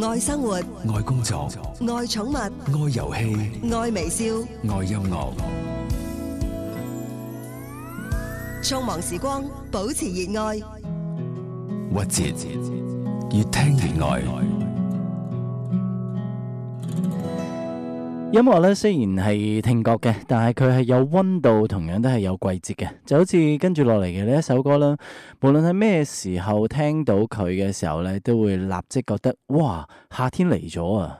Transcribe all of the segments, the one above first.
愛生活，愛工作，愛寵物，愛遊戲，愛微笑，愛音樂。匆忙時光，保持熱愛。曲折，越聽越愛。音樂咧雖然係聽覺嘅，但係佢係有溫度，同樣都係有季節嘅。就好似跟住落嚟嘅呢一首歌啦，無論喺咩時候聽到佢嘅時候咧，都會立即覺得哇，夏天嚟咗啊！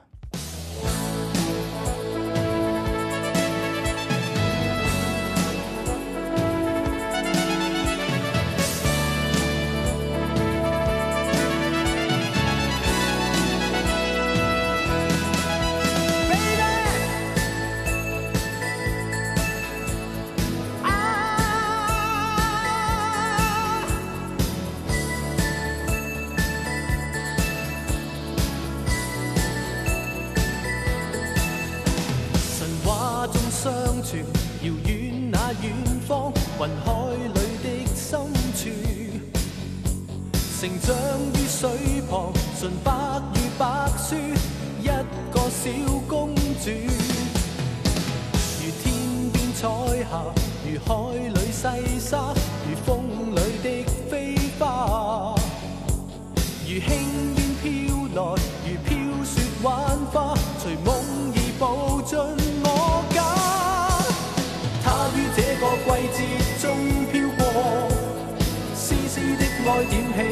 海下，如海裏細沙，如風裏的飛花，如輕煙飄來，如飄雪幻化，隨夢已步進我家。他於這個季節中飄過，絲絲的愛點起。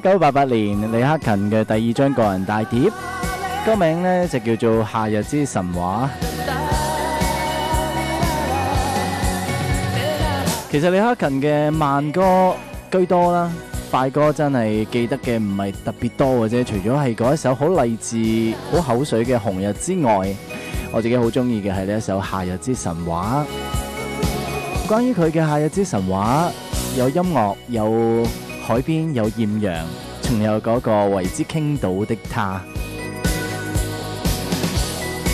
一九八八年李克勤嘅第二張個人大碟，歌名呢就叫做《夏日之神話》。其實李克勤嘅慢歌居多啦，快歌真係記得嘅唔係特別多嘅啫。除咗係嗰一首好勵志、好口水嘅《紅日》之外，我自己好中意嘅係呢一首《夏日之神話》。關於佢嘅《夏日之神話》，有音樂有。海邊有艷陽，仲有嗰個為之傾倒的他，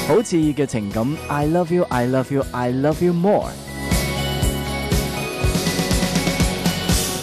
好似嘅情感 ，I love you, I love you, I love you more，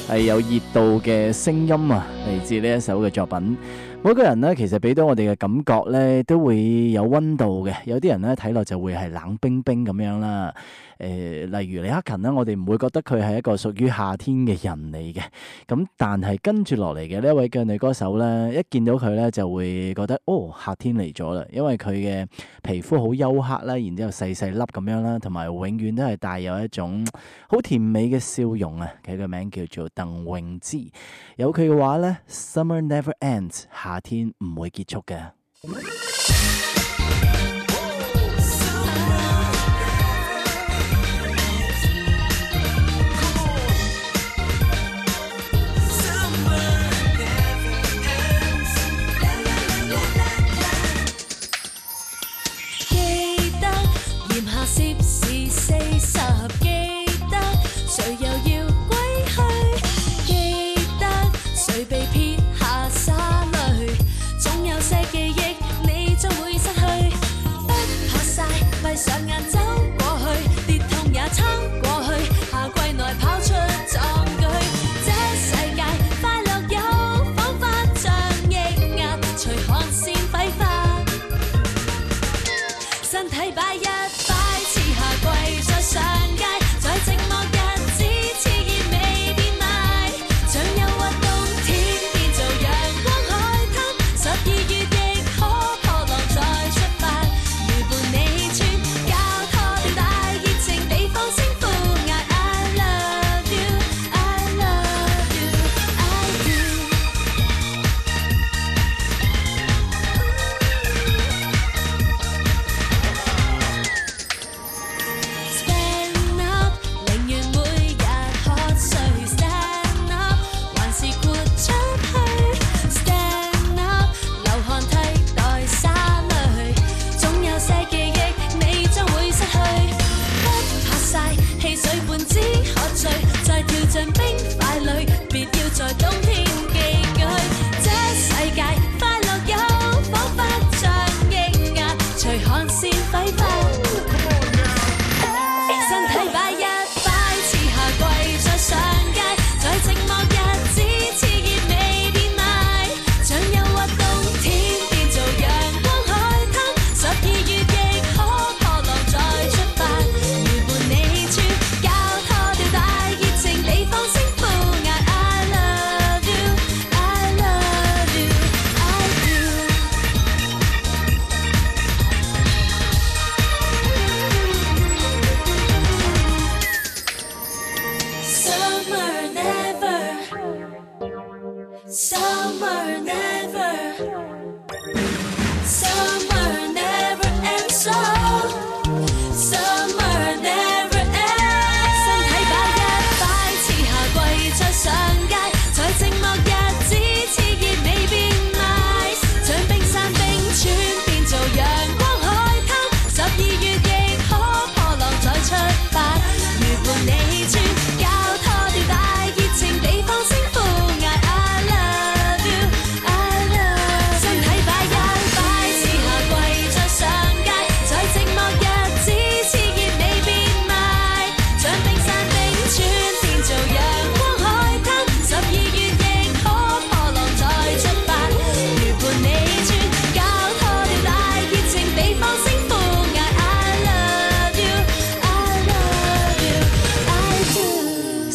係 有熱度嘅聲音啊，嚟自呢一首嘅作品。每個人呢，其實俾到我哋嘅感覺呢，都會有温度嘅，有啲人呢，睇落就會係冷冰冰咁樣啦。誒、呃，例如李克勤咧，我哋唔會覺得佢係一個屬於夏天嘅人嚟嘅。咁，但係跟住落嚟嘅呢一位嘅女歌手咧，一見到佢咧就會覺得，哦，夏天嚟咗啦，因為佢嘅皮膚好黝黑啦，然之後細細粒咁樣啦，同埋永遠都係帶有一種好甜美嘅笑容啊！佢個名叫做鄧穎芝，有佢嘅話咧，Summer Never Ends，夏天唔會結束嘅。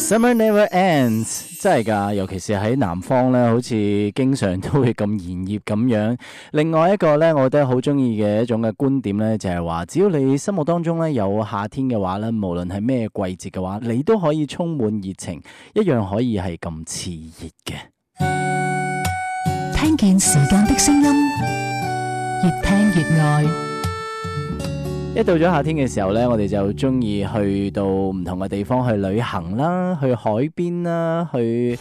Summer never ends，真係噶，尤其是喺南方咧，好似經常都會咁炎熱咁樣。另外一個咧，我覺得好中意嘅一種嘅觀點咧，就係話，只要你心目當中咧有夏天嘅話咧，無論係咩季節嘅話，你都可以充滿熱情，一樣可以係咁熾熱嘅。聽見時間的聲音，越聽越愛。一到咗夏天嘅時候呢，我哋就中意去到唔同嘅地方去旅行啦，去海邊啦，去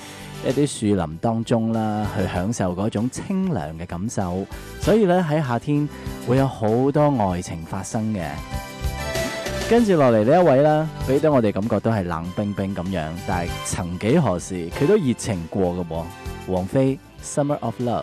一啲樹林當中啦，去享受嗰種清涼嘅感受。所以咧，喺夏天會有好多愛情發生嘅。跟住落嚟呢一位啦，俾得我哋感覺都係冷冰冰咁樣，但係曾幾何時佢都熱情過嘅。王菲《Summer of Love》。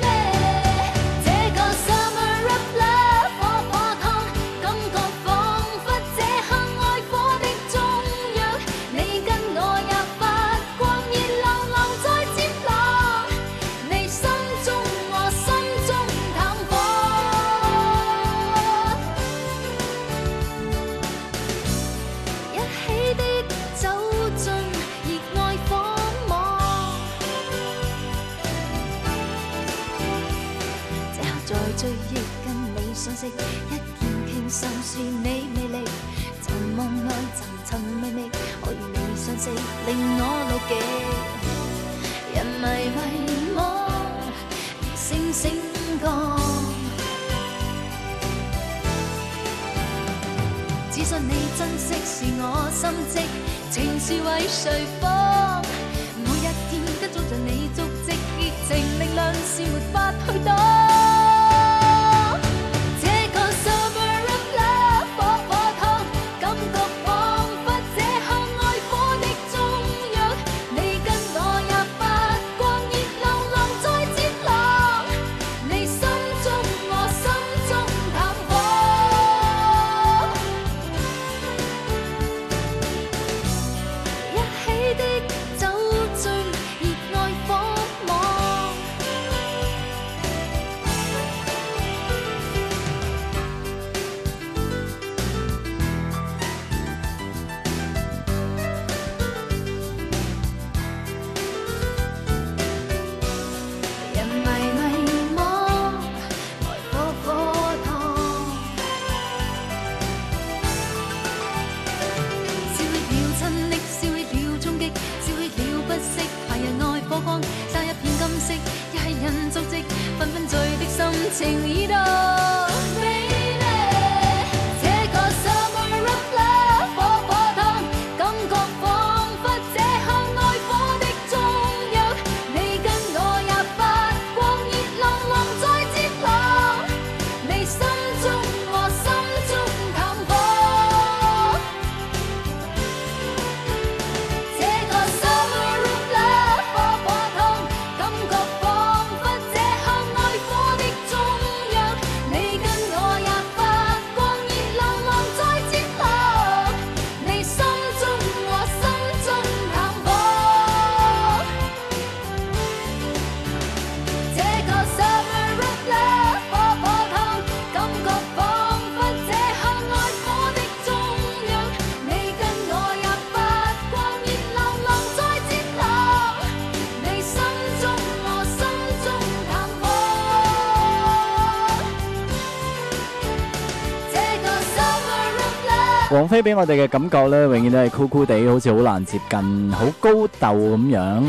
王菲俾我哋嘅感覺咧，永遠都係酷酷地，好似好難接近，好高竇咁樣。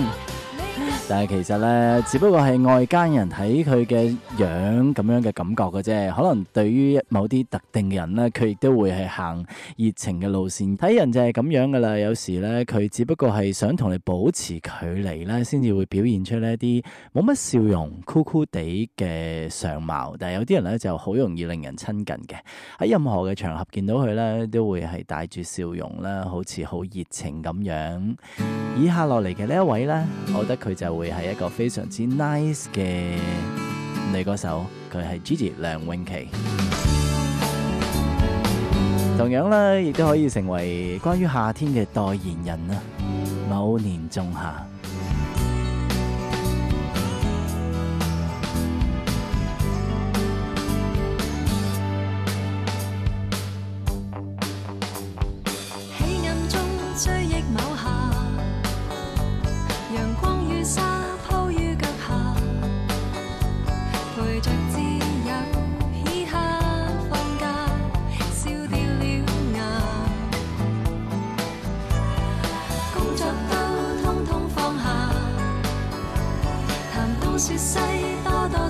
但係其實咧，只不過係外家人睇佢嘅樣咁樣嘅感覺嘅啫。可能對於某啲特定嘅人呢，佢亦都會係行熱情嘅路線。睇人就係咁樣噶啦。有時呢，佢只不過係想同你保持距離咧，先至會表現出呢一啲冇乜笑容、酷酷哋嘅相貌。但係有啲人呢，就好容易令人親近嘅。喺任何嘅場合見到佢呢，都會係帶住笑容啦，好似好熱情咁樣。以下落嚟嘅呢一位呢，我覺得佢就佢係一個非常之 nice 嘅女歌手，佢係 Gigi 梁詠琪。同樣咧，亦都可以成為關於夏天嘅代言人啊，某年仲夏。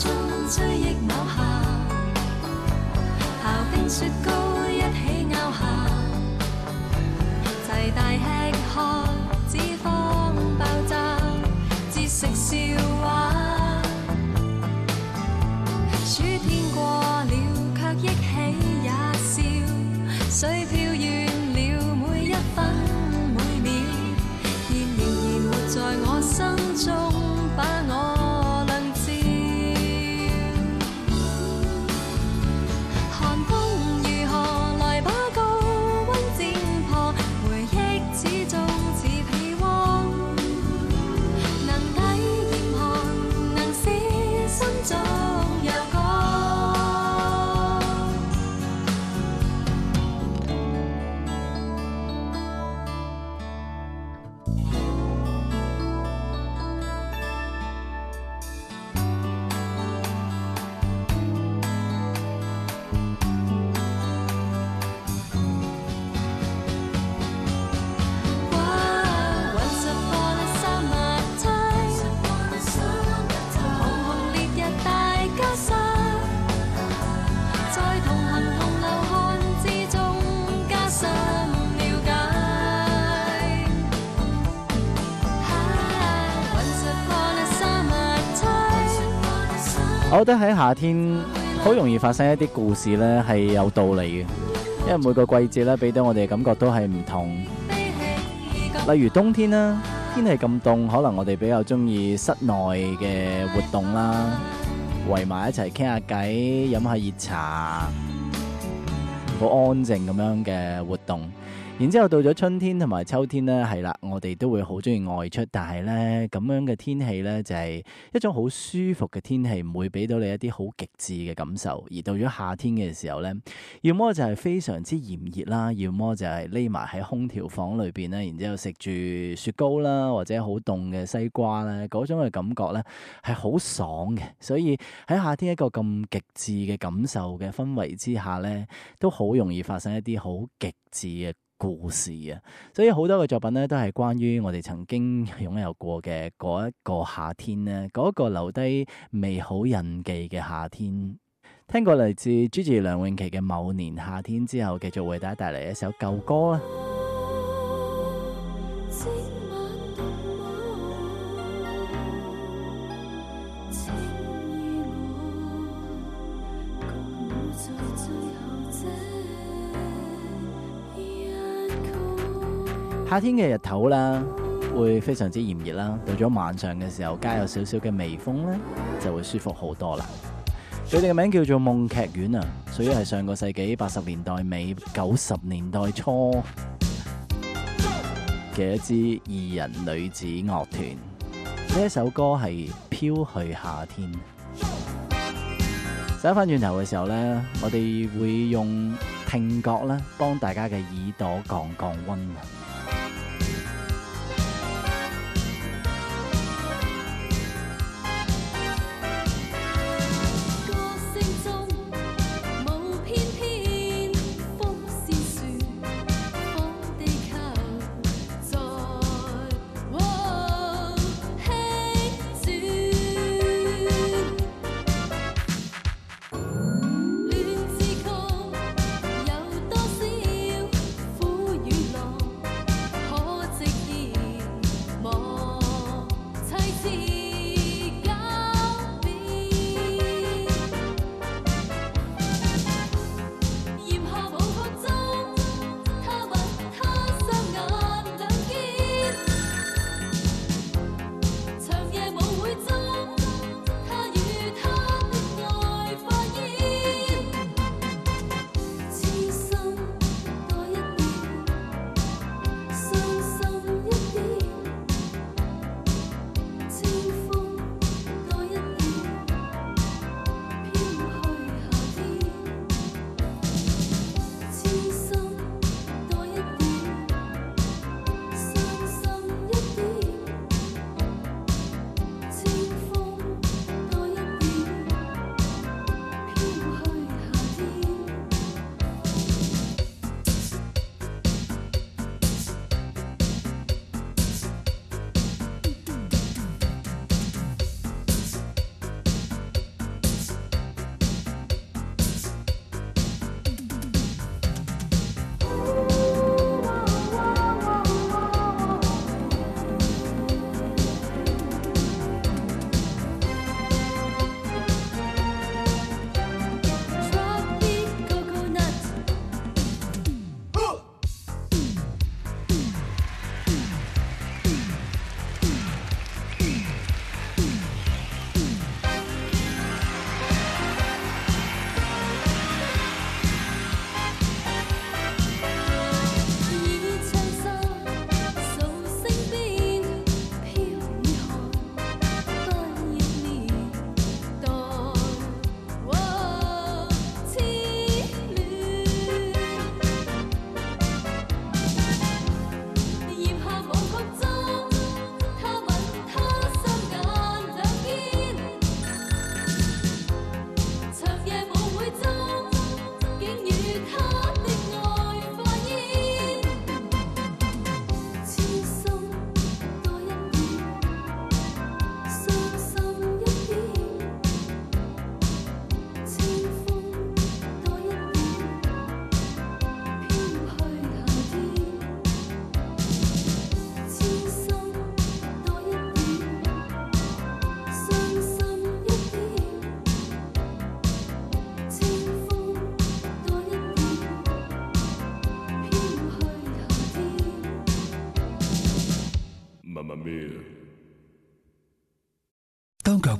追憶某夏，刨冰雪糕一起咬下，擠大吃喝，脂肪爆炸，節食笑話。暑天過了，卻憶起也笑。我覺得喺夏天好容易發生一啲故事咧，係有道理嘅，因為每個季節咧俾到我哋嘅感覺都係唔同。例如冬天啦，天氣咁凍，可能我哋比較中意室內嘅活動啦，圍埋一齊傾下偈，飲下熱茶，好安靜咁樣嘅活動。然之後到咗春天同埋秋天咧，係啦，我哋都會好中意外出。但係咧，咁樣嘅天氣咧，就係一種好舒服嘅天氣，唔會俾到你一啲好極致嘅感受。而到咗夏天嘅時候咧，要麼就係非常之炎熱啦，要麼就係匿埋喺空調房裏邊啦。然之後食住雪糕啦，或者好凍嘅西瓜咧，嗰種嘅感覺咧係好爽嘅。所以喺夏天一個咁極致嘅感受嘅氛圍之下咧，都好容易發生一啲好極致嘅故事啊，所以好多嘅作品呢，都係關於我哋曾經擁有過嘅嗰一個夏天咧，嗰一個留低美好印記嘅夏天。聽過嚟自 Gigi 梁詠琪嘅《某年夏天》之後，繼續為大家帶嚟一首舊歌啊。夏天嘅日頭啦，會非常之炎熱啦。到咗晚上嘅時候，加有少少嘅微風咧，就會舒服好多啦。佢哋嘅名叫做夢劇院啊，屬於係上個世紀八十年代尾九十年代初嘅一支二人女子樂團。呢一首歌係《飄去夏天》。走翻轉頭嘅時候咧，我哋會用聽覺咧，幫大家嘅耳朵降降溫。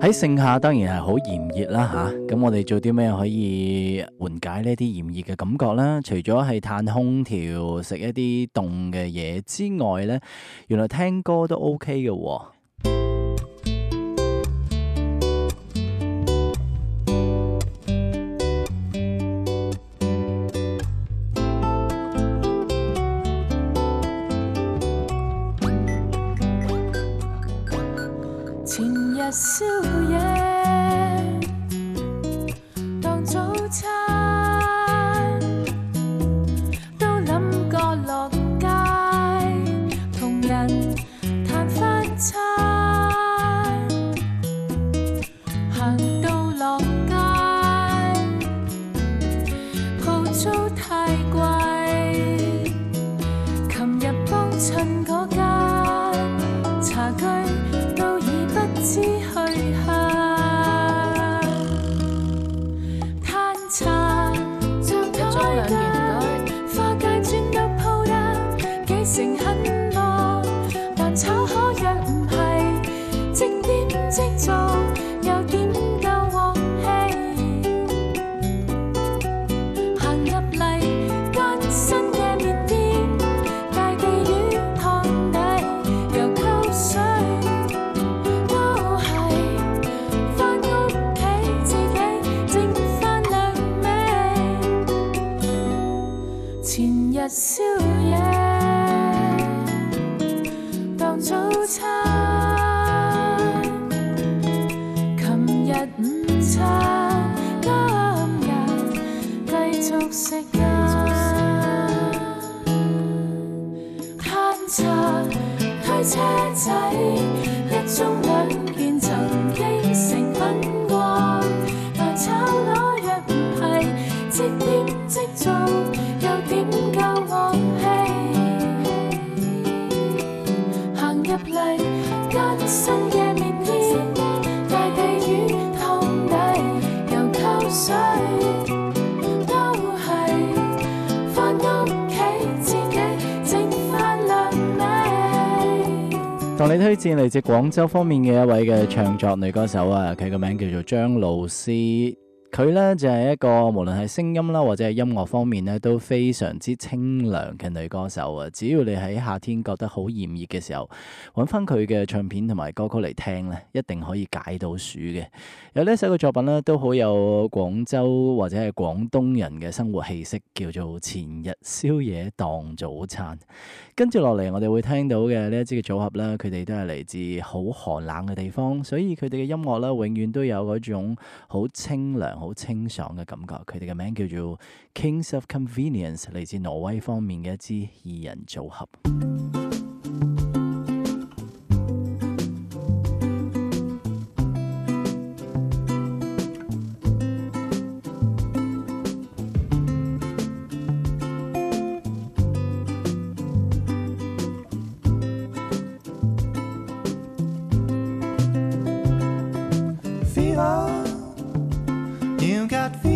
喺盛夏當然係好炎熱啦吓，咁、啊、我哋做啲咩可以緩解呢啲炎熱嘅感覺咧？除咗係嘆空調、食一啲凍嘅嘢之外咧，原來聽歌都 OK 嘅、喎。我同你推薦嚟自廣州方面嘅一位嘅唱作女歌手啊，佢個名字叫做張老師。佢咧就係、是、一個無論係聲音啦，或者係音樂方面咧都非常之清涼嘅女歌手啊！只要你喺夏天覺得好炎熱嘅時候，揾翻佢嘅唱片同埋歌曲嚟聽咧，一定可以解到暑嘅。有呢首嘅作品呢，都好有廣州或者係廣東人嘅生活氣息，叫做前日宵夜當早餐。跟住落嚟，我哋會聽到嘅呢一支嘅組合啦，佢哋都係嚟自好寒冷嘅地方，所以佢哋嘅音樂咧，永遠都有嗰種好清涼，好清爽嘅感覺，佢哋嘅名叫做 Kings of Convenience，嚟自挪威方面嘅一支二人組合。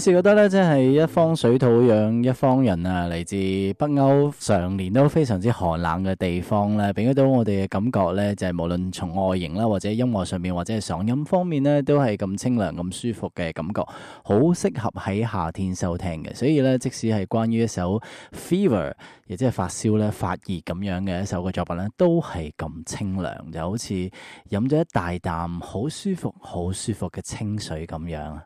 我覺得咧，即係一方水土養一方人啊！嚟自北歐常年都非常之寒冷嘅地方咧，俾到我哋嘅感覺咧，就係無論從外形啦，或者音樂上面，或者係嗓音方面咧，都係咁清涼、咁舒服嘅感覺，好適合喺夏天收聽嘅。所以咧，即使係關於一首 fever，亦即係發燒咧、發熱咁樣嘅一首嘅作品咧，都係咁清涼，就好似飲咗一大啖好舒服、好舒服嘅清水咁樣啊！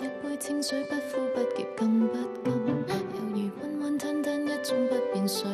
一杯清水，不呼不叫更不甘，猶 如溫溫吞吞一種不變水。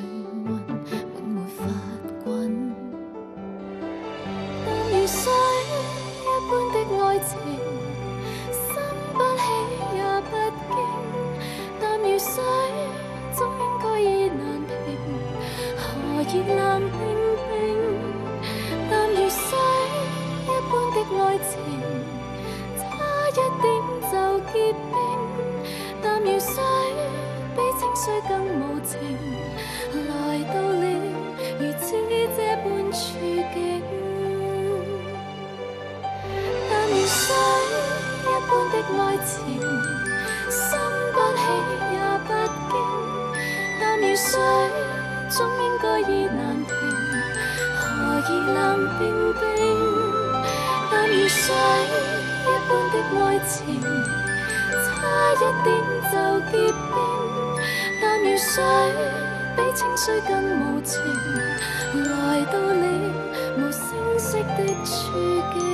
水更無情，來到了如此這般處境。但如水一般的愛情，心不喜也不驚。但如水總應該意難平，何以冷冰冰？但如水一般的愛情，差一點就結冰。雨水比清水更無情，來到了無聲息的處境。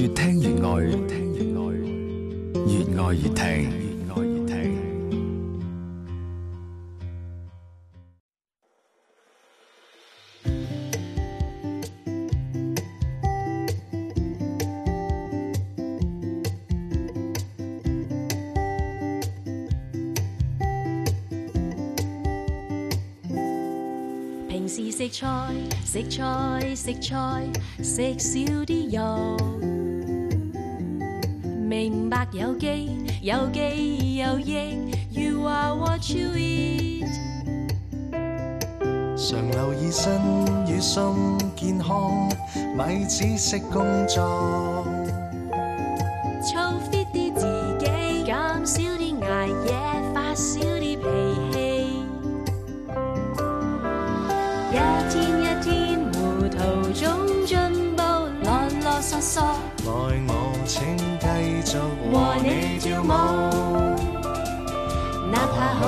越聽越愛，越聽越愛，越愛越聽，越愛越聽。平時食菜，食菜食菜，食少啲油。有機，有機，有益。You are what you eat。常留意身與心健康，咪只識工作。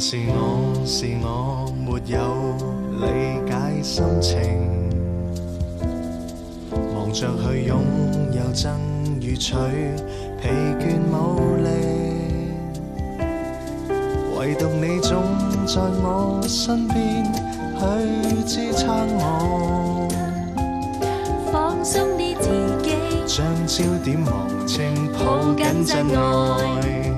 但是我，是我沒有理解心情，忙着去擁有爭與取，疲倦無力。唯獨你總在我身邊去支撐我，放鬆你自己，將焦點忘情抱緊真愛。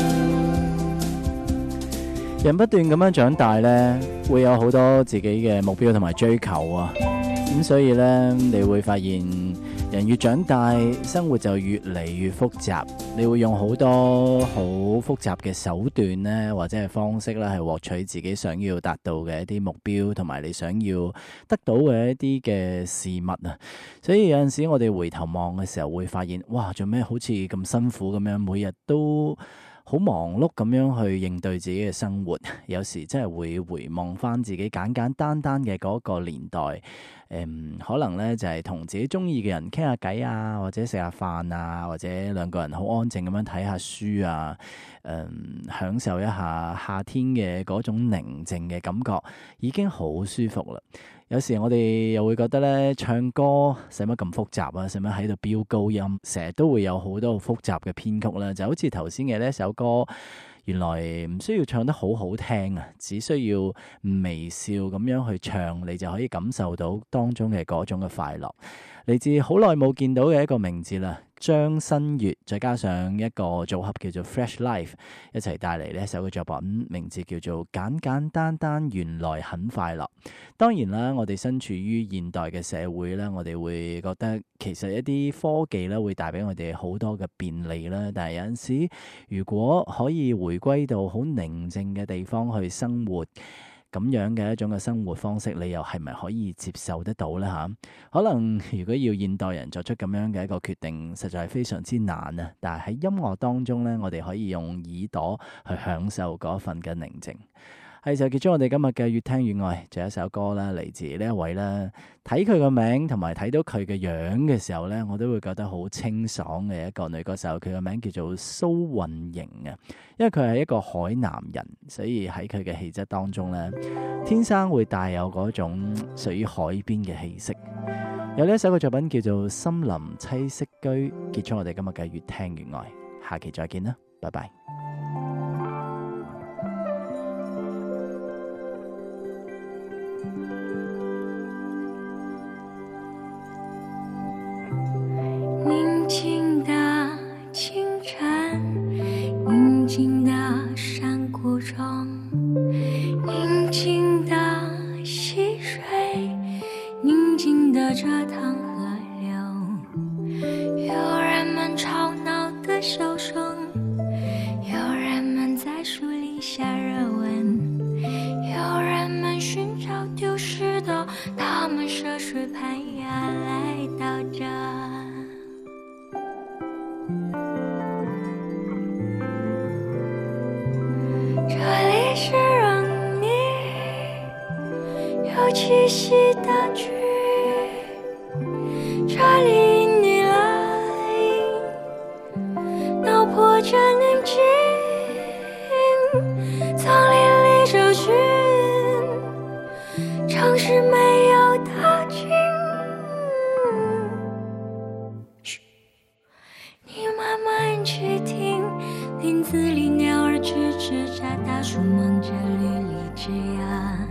人不斷咁樣長大呢，會有好多自己嘅目標同埋追求啊！咁、嗯、所以呢，你會發現人越長大，生活就越嚟越複雜。你會用好多好複雜嘅手段呢，或者係方式啦，係獲取自己想要達到嘅一啲目標，同埋你想要得到嘅一啲嘅事物啊！所以有陣時我哋回頭望嘅時候，會發現哇，做咩好似咁辛苦咁樣，每日都。好忙碌咁樣去應對自己嘅生活，有時真係會回望翻自己簡簡單單嘅嗰個年代。誒、嗯，可能咧就係同自己中意嘅人傾下偈啊，或者食下飯啊，或者兩個人好安靜咁樣睇下書啊，誒、嗯，享受一下夏天嘅嗰種寧靜嘅感覺，已經好舒服啦。有時我哋又會覺得咧，唱歌使乜咁複雜啊？使乜喺度飆高音？成日都會有好多好複雜嘅編曲啦。就好似頭先嘅呢一首歌，原來唔需要唱得好好聽啊，只需要微笑咁樣去唱，你就可以感受到當中嘅嗰種嘅快樂。嚟自好耐冇見到嘅一個名字啦，張新月，再加上一個組合叫做 Fresh Life，一齊帶嚟呢首嘅作品，名字叫做《簡簡單單原來很快樂》。當然啦，我哋身處於現代嘅社會咧，我哋會覺得其實一啲科技咧會帶俾我哋好多嘅便利啦，但係有陣時如果可以回歸到好寧靜嘅地方去生活。咁樣嘅一種嘅生活方式，你又係咪可以接受得到咧？嚇，可能如果要現代人作出咁樣嘅一個決定，實在係非常之難啊！但係喺音樂當中咧，我哋可以用耳朵去享受嗰份嘅寧靜。係就結束我哋今日嘅越聽越愛，仲有一首歌啦，嚟自呢一位啦。睇佢個名同埋睇到佢嘅樣嘅時候咧，我都會覺得好清爽嘅一個女歌手。佢個名叫做蘇運瑩啊，因為佢係一個海南人，所以喺佢嘅氣質當中咧，天生會帶有嗰種屬於海邊嘅氣息。有呢一首嘅作品叫做《森林棲息居》，結束我哋今日嘅越聽越愛，下期再見啦，拜拜。去聽林子裏鳥兒吱吱喳喳，大樹忙着綠裏枝椏。